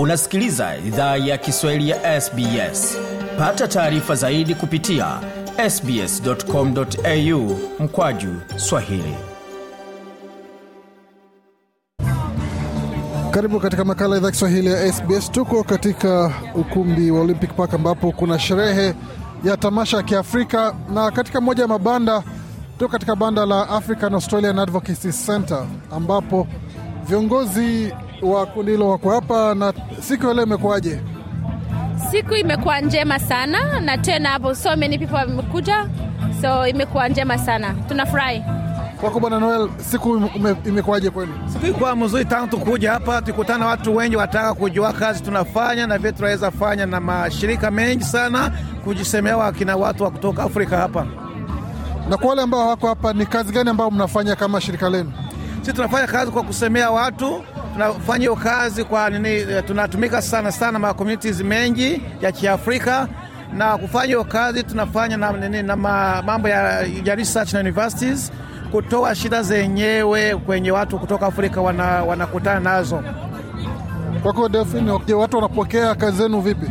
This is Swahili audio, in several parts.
unasikiliza idhaa ya kiswahili ya sbs pata taarifa zaidi kupitia sbscomau mkwaju swahili karibu katika makala idhaa kiswahili ya sbs tuko katika ukumbi wa olympic park ambapo kuna sherehe ya tamasha ya kiafrika na katika moja ya mabanda tuko katika banda la african australian advocacy center ambapo viongozi wa kundi hilo wako hapa, na siku ya leo imekuwaje? Siku imekuwa njema sana, na tena hapo so many people wamekuja, so imekuwa njema sana, tunafurahi. Kwako Bwana Noel, siku imekuwaje kwenu? Siku ikuwa mzuri tangu tukuja hapa, tukutana watu wengi wataka kujua kazi tunafanya na vile tunaweza fanya na mashirika mengi sana kujisemea wakina watu wa kutoka Afrika hapa. Na kwa wale ambao wako hapa, ni kazi gani ambayo mnafanya kama shirika lenu? Sisi tunafanya kazi kwa kusemea watu tunafanya hiyo kazi kwa nini, eh, tunatumika sana sana ma communities mengi ya Kiafrika na kufanya hiyo kazi tunafanya na, nini, na mambo ya, ya research na universities kutoa shida zenyewe kwenye watu kutoka Afrika wanakutana wana nazo. Kwako Delphine, je, watu wanapokea kazi zenu vipi?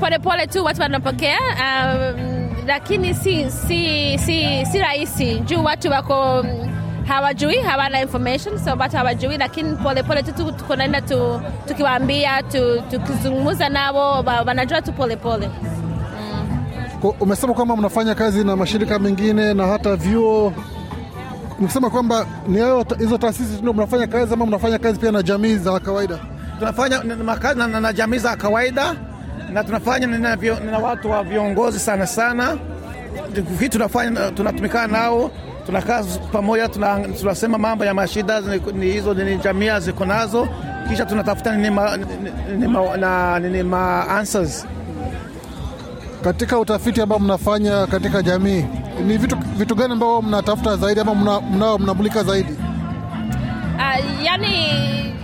Polepole tu watu wanapokea um, lakini si, si, si, si rahisi juu watu wako um, hawajui, hawana information so watu hawajui, lakini polepole tu tunaenda tu, tukiwaambia tukizungumza tu nao wanajua tu polepole pole. Umesema kwamba mnafanya kazi na mashirika mengine na hata vyuo mkisema kwamba ni hizo taasisi ndio mnafanya kazi ama mnafanya kazi pia na jamii za kawaida? Tunafanya na, na, na jamii za kawaida na tunafanya na, na watu wa viongozi sana sana, tunafanya tunatumikana nao tunakaa pamoja, tunasema mambo ya mashida ni hizo ni jamii ziko nazo, kisha tunatafuta ni ma, nini ma, na, nini ma answers. Katika utafiti ambao mnafanya katika jamii, ni vitu, vitu gani ambao mnatafuta zaidi ama mnao mnamulika zaidi? Uh, yani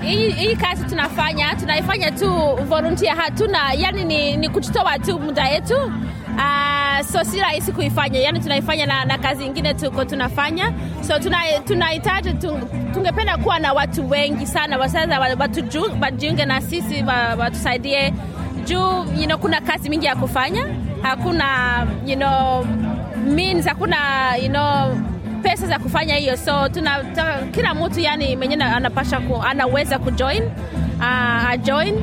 hii kazi tunafanya tunaifanya tu volunteer, hatuna yani ni, ni kututoa tu muda yetu uh, so si rahisi kuifanya, yani tunaifanya na, na kazi ingine tuko tunafanya, so tunahitaji tuna tungependa kuwa na watu wengi sana wasaza wajiunge na sisi watusaidie juu you know, kuna kazi mingi ya kufanya, hakuna you know, means, hakuna you know, pesa za kufanya hiyo, so tuna, ta, kila mtu yani mwenyewe anapasha ku, anaweza kujoin uh, ah, join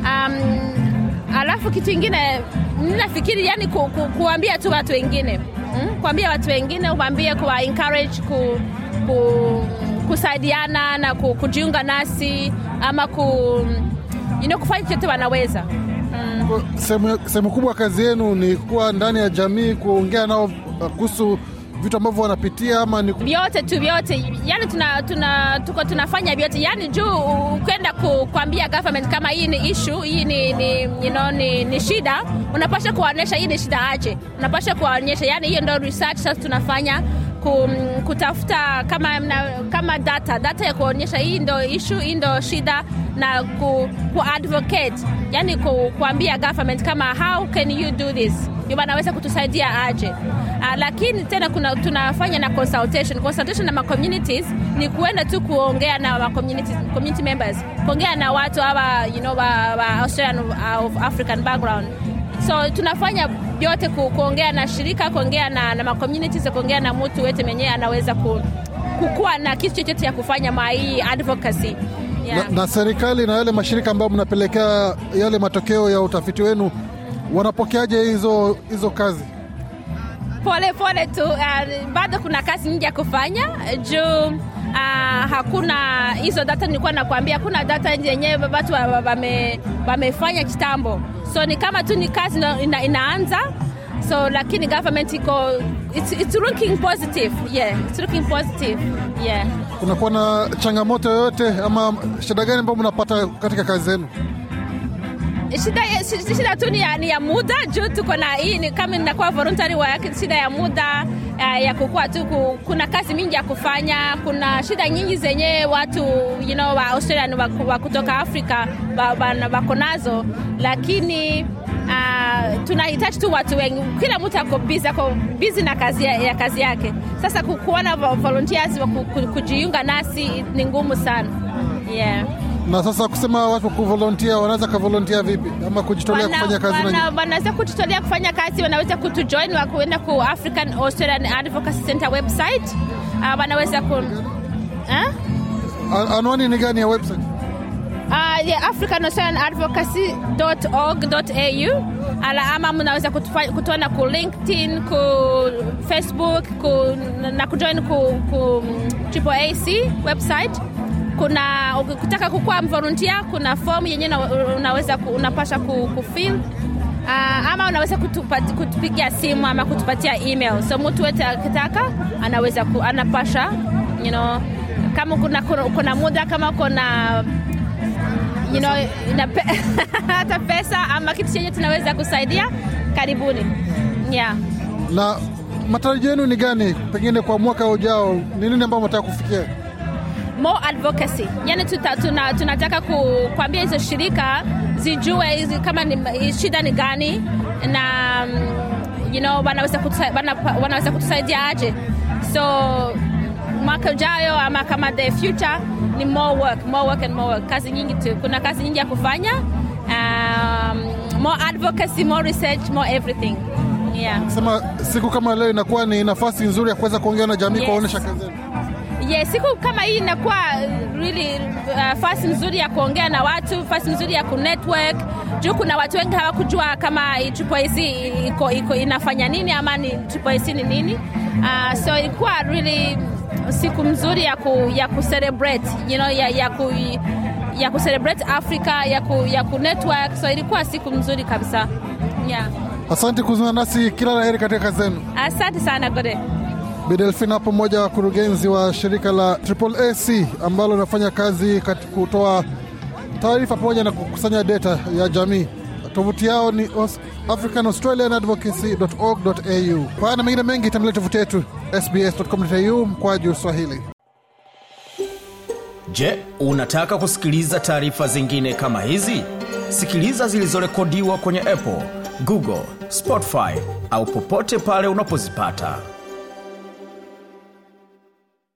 um, Alafu kitu ingine nafikiri, yani ku, ku, kuambia tu watu wengine mm? kuambia watu wengine, uambie kuwa encourage ku, ku, kusaidiana na ku, kujiunga nasi ama ku, you know, kufanya chochote wanaweza mm. Sehemu kubwa kazi yenu ni kuwa ndani ya jamii, kuongea nao kuhusu vitu ambavyo wanapitia ama ni... vyote tu vyote, yani tuna, tuna, tuko tunafanya vyote yani juu kuambia government kama hii ni issue, hii ni, ni, you know, ni, ni shida, unapasha kuwaonyesha hii ni shida aje, unapasha kuwaonyesha. Yani hiyo ndio research sasa tunafanya kutafuta kama, kama data data ya kuonyesha hii ndo issue, hii ndo shida na ku, ku advocate yani ku, kuambia government kama how can you do this, naweza kutusaidia aje uh, lakini tena kuna, tunafanya na consultation. Consultation na ma communities ni kuenda tu kuongea na ma communities, community members kuongea na watu hawa you know, wa, wa Australian uh, of African background so tunafanya yote ku, kuongea na shirika kuongea na, na ma communities kuongea na mtu wete mwenyewe anaweza ku, kukuwa na kitu chochote ya kufanya ma hii advocacy yeah. Na, na serikali na yale mashirika ambayo mnapelekea yale matokeo ya utafiti wenu wanapokeaje hizo hizo kazi? pole pole tu uh, bado kuna kazi nyingi ya kufanya juu uh, hakuna hizo data nilikuwa nakwambia, hakuna data yenyewe watu wamefanya wa, wa kitambo, so ni kama tu ni kazi ina, inaanza so lakini government iko it's, it's looking positive yeah it's looking positive yeah. Kunakuwa na changamoto yoyote ama shida gani ambayo mnapata katika kazi zenu? shida, shida tu ni ya, ni ya muda juu tuko na hii ni, kama ninakuwa voluntary wa shida ya muda ya, eh, ya kukua tu ku, kuna kazi mingi ya kufanya. Kuna shida nyingi zenye watu you know, wa Australia wa, wa kutoka Afrika wako nazo, lakini uh, tunahitaji tu watu wengi. Kila mtu ako busy, ako busy na kazi, ya kazi yake. Sasa kuona volunteers wa kujiunga nasi ni ngumu sana yeah. Na sasa kusema watu kuvolontia, wanaweza kavolontia vipi ama kujitolea wana, kufanya kazi wana, wanaweza kujitolea kufanya kazi, wanaweza kutujoin wakuenda ku African Australian Advocacy Center website. Uh, wanaweza ku huh? Eh? Anwani ni gani ya website? Uh, ah, yeah, African Australian Advocacy.org.au ala ama mnaweza kutuona ku LinkedIn, ku Facebook ku, na kujoin ku, ku AAC website kuna ukitaka kukua mvolunteer, kuna fomu yenye unaweza unapasha kufill Uh, ah, ama unaweza kutupigia simu ama kutupatia email. So mtu wete akitaka anaweza ku, anapasha you know, kama kuna, kuna, kuna muda kama kuna you know, hata pesa ama kitu chenye tunaweza kusaidia, karibuni yeah. Na matarajio yenu ni gani pengine kwa mwaka ujao, ni nini ambayo mataka kufikia? more advocacy. Yani tuta, tuna, tunataka kuambia hizo shirika zijue hizi kama ni, shida ni gani na um, you know, wanaweza kutusaidia, wana, wanaweza kutusaidia aje so mwaka ujayo ama kama the future ni more work, more work and more work. Kazi nyingi tu, kuna kazi nyingi ya kufanya um, more advocacy, more research, more everything. Yeah. Sema siku kama leo inakuwa ni nafasi nzuri ya kuweza kuongea na jamii yes. kuwaonesha kazi yenu yes, siku kama hii inakuwa uh, really uh, fasi nzuri ya kuongea na watu, fasi nzuri ya kunetwork juu kuna watu wengi hawakujua kama TPIC iko, iko inafanya nini ama ni TPIC ni nini uh, so ilikuwa really siku mzuri ya, ku, ya celebrate you know, ya, ya, ku, ya celebrate Africa ya, ku, ya network so ilikuwa siku mzuri kabisa yeah. Asante kuzungumza nasi, kila la heri katika kazi zenu. Asante sana Gode. Bidelfina hapo, mmoja wa wakurugenzi wa shirika la Triple ambalo linafanya kazi katika kutoa taarifa pamoja na kukusanya data ya jamii. Tovuti yao ni African Australian Advocacy.org.au. Kwa na mengine mengi tembelea tovuti yetu sbs.com.au mkwaju Swahili. Je, unataka kusikiliza taarifa zingine kama hizi? Sikiliza zilizorekodiwa kwenye Apple, Google, Spotify au popote pale unapozipata.